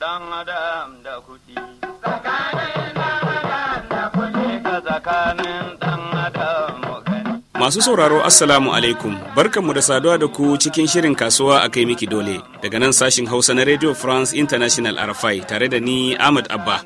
Dan adam da kuɗi. Masu sauraro Assalamu alaikum, barkanmu da saduwa da ku cikin shirin kasuwa a kai miki dole, daga nan sashin Hausa na Radio France International RFI tare da ni Ahmad Abba.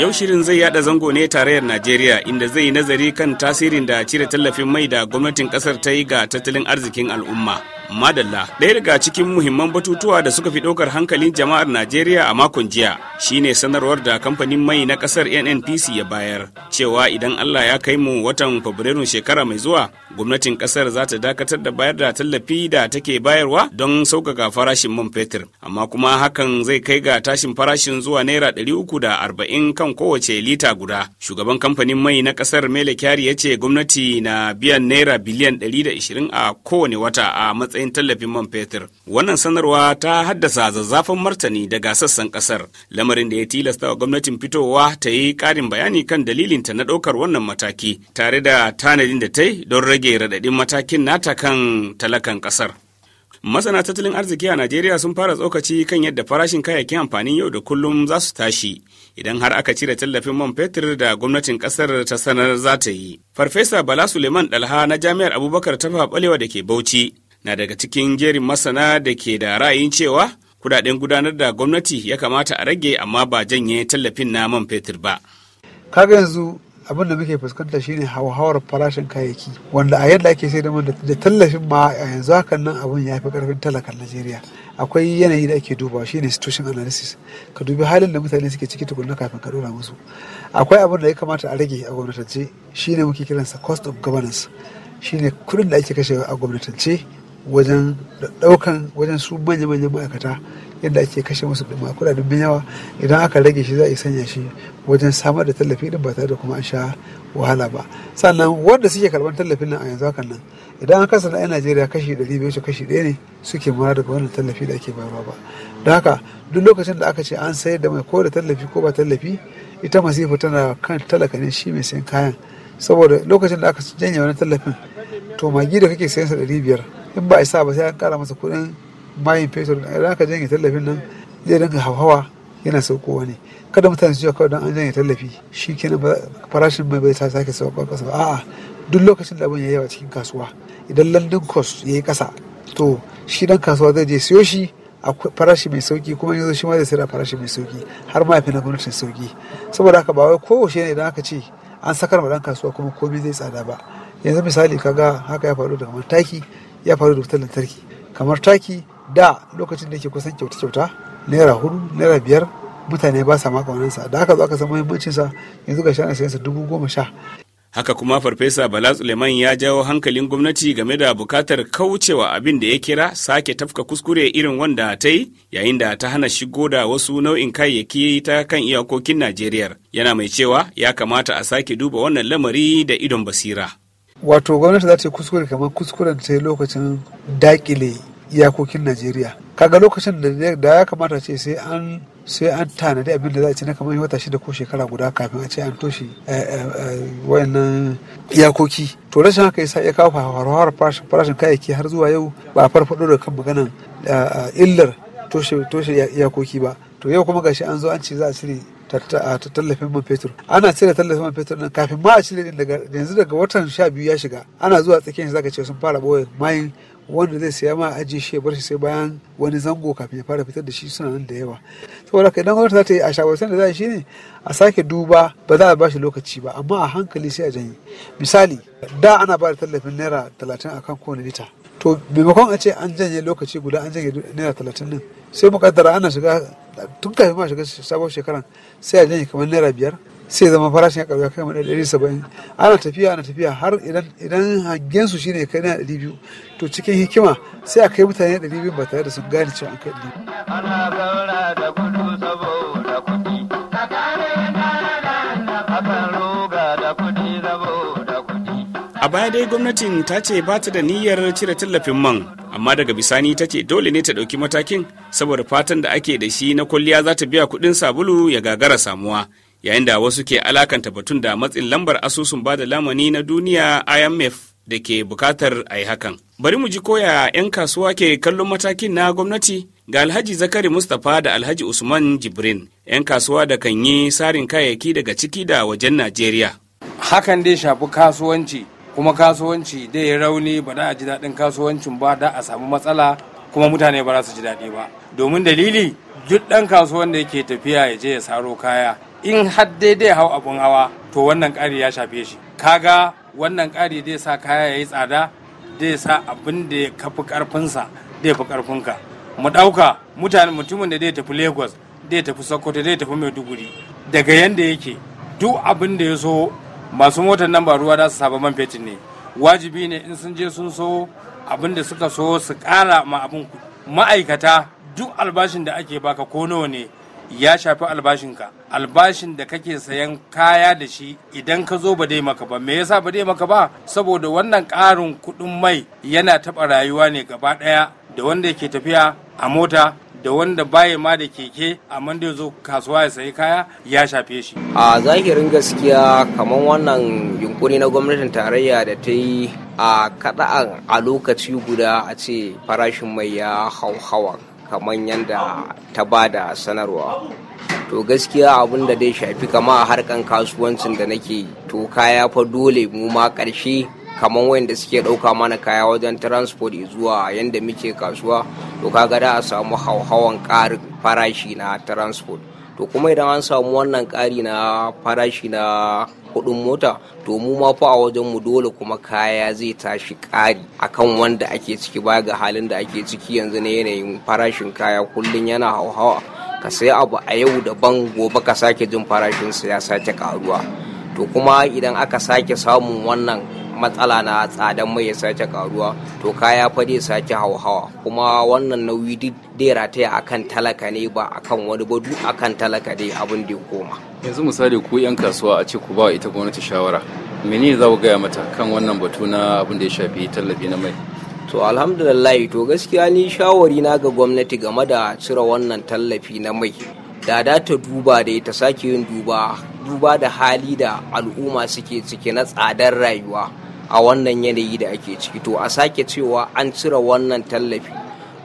Yau shirin zai yada zango ne tarayyar Najeriya inda zai nazari kan tasirin da cire tallafin mai da gwamnatin kasar ta yi ga tattalin arzikin al'umma. Madalla, ɗaya daga cikin muhimman batutuwa da suka fi ɗaukar hankalin jama'ar Najeriya a makon jiya shine sanarwar da kamfanin mai na ƙasar NNPC ya bayar cewa idan Allah ya kai mu watan Fabrairun shekara mai zuwa, gwamnatin ƙasar za ta dakatar da bayar da tallafi da take bayarwa don sauƙaƙa farashin man fetur, amma kuma hakan zai kai ga tashin farashin zuwa naira ɗari uku da arba'in kan kowace lita guda. Shugaban kamfanin mai na kasar Mele Kyari ya ce gwamnati na biyan naira biliyan 120 a kowane wata a matsayin tallafin man fetur. Wannan sanarwa ta haddasa zazzafan martani daga sassan kasar, lamarin da ya tilasta wa gwamnatin fitowa ta yi ƙarin bayani kan dalilinta na ɗaukar wannan mataki, tare da tanadin da ta yi don rage raɗaɗin matakin nata kan talakan ƙasar. Masana tattalin arziki a Najeriya sun fara tsokaci kan yadda farashin kayayyakin amfanin yau da kullum za su tashi idan har aka cire tallafin man fetur da gwamnatin kasar ta sanar za ta yi. Farfesa Bala Suleiman Dalha na Jami'ar Abubakar ta Balewa da ke Bauchi na daga cikin jerin masana da ke da ra'ayin cewa kudaden gudanar da gwamnati ya kamata a rage amma ba janye tallafin na man fetur ba. Kaga yanzu abin da muke fuskanta shine hauhawar farashin kayayyaki wanda a yadda ake sai da da tallafin ma a yanzu hakan nan abin ya fi karfin talakan najeriya akwai yanayi da ake dubawa shine situation analysis ka dubi halin da mutane suke ciki tukunna kafin ka dora musu akwai abin da ya kamata a rage a gwamnatance shine muke kiransa cost of governance shine kudin da ake kashewa a gwamnatance wajen daukan wajen su manya manyan ma'aikata yadda ake kashe musu da kuɗaɗen da yawa idan aka rage shi za a sanya shi wajen samar da tallafi din ba tare da kuma an sha wahala ba sannan wanda suke karban tallafin nan a yanzu hakan nan idan an kasa 'yan najeriya kashi ɗari biyu kashi ɗaya ne suke mara daga wannan tallafi da ake bayarwa ba don haka duk lokacin da aka ce an sayar da mai ko da tallafi ko ba tallafi ita masifa tana kan talaka ne shi mai sayan kayan saboda lokacin da aka janye wani tallafin to magi da kake sayan sa ɗari biyar in ba isa ba sai an kara masa kuɗin mayin fetur idan aka janye tallafin nan zai dinga hawa yana saukowa ne kada mutane su ji kawai don an janye tallafi shi kenan farashin mai bai ta sake saukowa kasa ba a'a duk lokacin da abin ya yawa cikin kasuwa idan landin cost ya yi kasa to shi dan kasuwa zai je siyo shi a farashi mai sauki kuma yanzu shi ma zai sayar farashi mai sauki har ma ya na gwamnatin sauki saboda haka ba wai kowace ne idan aka ce an sakar ma dan kasuwa kuma komai zai tsada ba yanzu misali kaga haka ya faru daga mataki ya faru da wutar lantarki kamar taki da lokacin da yake kusan kyauta-kyauta naira hudu naira biyar mutane ba sa maka wannan sa da haka zo aka san muhimmancin sa yanzu ga shi ana sayansa dubu goma sha haka kuma farfesa bala suleiman ya jawo hankalin gwamnati game da bukatar kaucewa abin da ya kira sake tafka kuskure irin wanda ta yi yayin da ta hana shigo da wasu nau'in kayayyaki ta kan iyakokin najeriya yana mai cewa ya kamata a sake duba wannan lamari da idon basira wato gwamnati za ta yi kuskure kamar kuskuren ta lokacin dakile iyakokin najeriya kaga lokacin da ya kamata ce sai an sai an tanadi abin da za a ci na kamar wata shida ko shekara guda kafin a ce an toshe eh, eh, eh, wayannan iyakoki to rashin haka yasa ya kawo faruwar farashin kayayyaki har zuwa yau ba a farfado da kan maganan illar toshe iyakoki ba to yau kuma gashi an zo an ce za a cire ta tallafin man fetur ana cire tallafin man fetur kafin ma a cire din daga yanzu daga watan sha biyu ya shiga ana zuwa tsakiyar shi zaka ce sun fara boye mayin wanda zai saya ma aji shi bar shi sai bayan wani zango kafin ya fara fitar da shi suna nan da yawa saboda haka idan gwamnati za ta yi a shawartar da za shi ne a sake duba ba za a ba shi lokaci ba amma a hankali sai a janye misali da ana ba da tallafin naira talatin akan kowane lita to maimakon a ce an janye lokaci guda an janye naira talatin nan sai mu kaddara ana shiga tun kafin ma shiga sabon shekaran sai a janye kamar naira biyar sai zama farashin ya karuwa kai mana ɗari saba'in ana tafiya ana tafiya har idan hangen su shine kai na ɗari biyu to cikin hikima sai a kai mutane ɗari biyu ba tare da sun gane cewa an kai ɗari biyu. baya dai gwamnatin ta ce ba ta da niyyar cire tallafin man, amma daga bisani ta ce dole ne ta ɗauki matakin saboda fatan da ake da shi na kwalliya za ta biya kuɗin sabulu ya gagara samuwa. Yayin da wasu ke alakanta batun da matsin lambar asusun ba da lamani na duniya IMF da ke bukatar a yi hakan. Bari mu ji koya 'yan kasuwa ke kallon matakin na gwamnati ga Alhaji Zakari Mustapha da Alhaji Usman Jibrin, 'yan kasuwa da kan yi sarin kayayyaki daga ciki da wajen Najeriya. Hakan dai shafi kasuwanci kuma kasuwanci dai ya rauni ba da a ji daɗin kasuwancin ba da a samu matsala kuma mutane ba za su ji daɗi ba domin dalili duk ɗan kasuwan da yake tafiya ya je ya saro kaya in har daidai hau abun hawa to wannan ƙari ya shafe shi kaga wannan ƙari zai sa kaya ya yi tsada zai sa abin da ya kafi ƙarfinsa zai fi ƙarfinka mu ɗauka mutane mutumin da zai tafi lagos zai tafi sokoto zai tafi maiduguri daga yanda yake duk abin da ya so masu motar nan ba ruwa za su saba man fetur ne wajibi ne in sun je sun so abin da suka so su kara ma abin ma'aikata duk albashin da ake baka ko nawa ne ya shafi albashinka albashin da kake sayan kaya da shi idan ka zo ba dai maka ba me yasa ba dai maka ba saboda wannan ƙarin kuɗin mai yana taɓa rayuwa ne gaba ɗaya da wanda yake tafiya a mota da wanda baya ma da keke amma da zo kasuwa ya sayi kaya ya shafe shi a zahirin gaskiya kamar wannan yunkuri na gwamnatin tarayya da ta yi a kaɗa'an a lokaci guda a ce farashin mai ya hau hawa kamar yadda ta ba da sanarwa to gaskiya abin da dai shafi kama a harkan kasuwancin da nake to kaya fa dole mu ma ƙarshe kamar wayanda suke ɗauka mana kaya wajen transport zuwa yadda muke kasuwa to kaga da a samu hauhawan ƙarin farashi na transport to kuma idan an samu wannan ƙari na farashi na kuɗin mota to mu ma fa a wajen mu dole kuma kaya zai tashi ƙari akan wanda ake ciki ba ga halin da ake ciki yanzu na yanayin farashin kaya kullum yana hauhawa ka sai abu a yau daban gobe ka sake jin farashin siyasa ta karuwa to kuma idan aka sake samun wannan matsala na tsadan mai ya sace karuwa to kaya fa zai sake hauhawa kuma wannan nauyi duk dai rataya akan talaka ne ba akan wani ba duk akan talaka dai abin da ya koma yanzu misali ku yan kasuwa a ce ku ba ita gwamnati shawara mene za ku gaya mata kan wannan batu na abin da ya shafi tallafi na mai to alhamdulillah to gaskiya ni shawari na ga gwamnati game da cire wannan tallafi na mai da ta duba da ta sake yin duba duba da hali da al'umma suke ciki na tsadar rayuwa a wannan yanayi da ake ciki to a sake cewa an cire wannan tallafi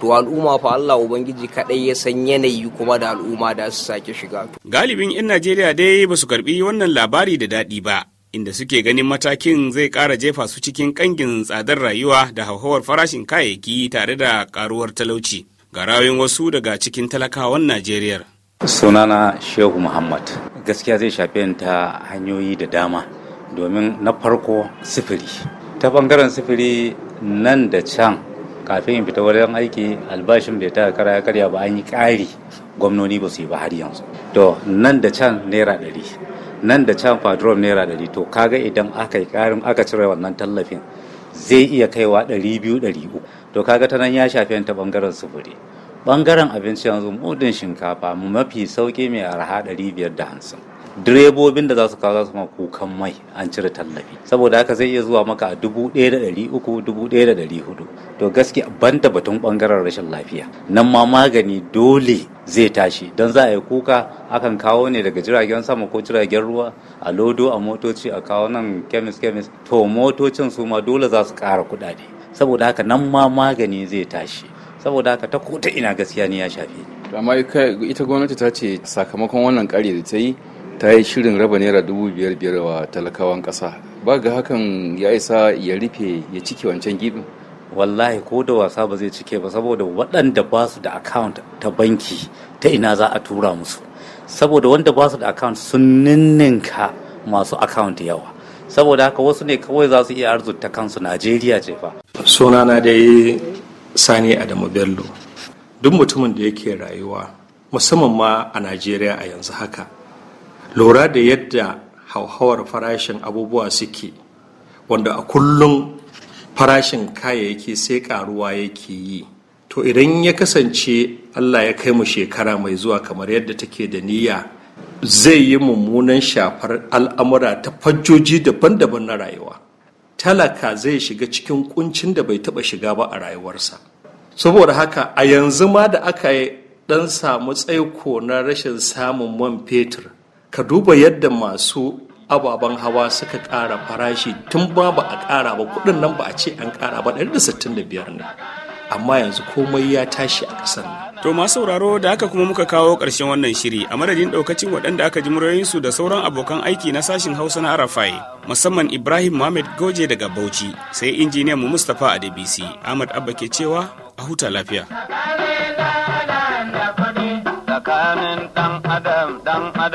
to al'umma fa Allah ubangiji kadai ya san yanayi kuma da al'umma da su sake shiga galibin 'yan Najeriya dai ba su karbi wannan labari da daɗi ba inda suke ganin matakin zai kara jefa su cikin kangin tsadar rayuwa da hauhawar farashin kayayyaki tare da ƙaruwar talauci ga rayuwar wasu daga cikin talakawan Najeriya sunana Shehu Muhammad gaskiya zai shafe ta hanyoyi da dama domin na farko sifiri ta bangaren sifiri nan da can kafin in fita wajen aiki albashin bai taka kara karya ba an yi ƙari gwamnoni ba su yi ba har yanzu to nan da can naira ɗari nan da can fadron naira ɗari to kaga idan aka yi ƙarin aka cire wannan tallafin zai iya kaiwa ɗari biyu ɗari uku to kaga ta nan ya shafi ta bangaren sufuri bangaren abinci yanzu mudin shinkafa mu mafi sauki mai arha 550 direbobin da za su kawo za su ma kukan mai an cire tallafi saboda haka zai iya zuwa maka a dubu ɗaya da ɗari uku dubu ɗaya da ɗari hudu to gaskiya ban da batun bangaren rashin lafiya nan ma magani dole zai tashi don za a yi kuka akan kawo ne daga jiragen sama ko jiragen ruwa a lodo a motoci a kawo nan kemis kemis to motocin su ma dole za su ƙara kuɗaɗe saboda haka nan ma magani zai tashi saboda haka ta kota ina gaskiya ne ya shafe amma ita gwamnati ta ce sakamakon wannan kare da ta yi ta yi shirin raba naira dubu biyar biyar wa talakawan ƙasa ba ga hakan ya isa ya rufe ya cike wancan gibin wallahi ko da wasa ba zai cike ba saboda waɗanda ba su da account ta banki ta ina za a tura musu saboda wanda ba su da account sun ninninka masu account yawa saboda haka wasu ne kawai za su iya arzuta kansu najeriya ce fa sunana dai sani adamu bello duk mutumin da yake rayuwa musamman ma a najeriya a yanzu haka lura da yadda hauhawar farashin abubuwa suke wanda a kullum farashin kayayyaki sai karuwa yake yi to idan ya kasance allah ya kai mu shekara mai zuwa kamar yadda take da niyya zai yi mummunan shafar al'amura ta fajjoji daban-daban na rayuwa talaka zai shiga cikin kuncin da bai taba shiga ba a rayuwarsa saboda haka a yanzu ma da aka yi dan samu tsaiko na rashin samun man fetur ka duba yadda masu ababen hawa suka ƙara farashi tun ba ba a ƙara ba kudin nan ba a ce an ƙara ba 165 ne amma yanzu komai ya tashi a ƙasar nan To masu sauraro da haka kuma muka kawo ƙarshen wannan shiri a madadin ɗaukacin waɗanda aka ji su da sauran abokan aiki na sashin Hausa na Arafai musamman Ibrahim Mohamed Goje daga Bauchi sai injiniyan mu Mustapha Adebisi Ahmad Abba ke cewa a huta lafiya. Tsakanin ɗan adam dan adam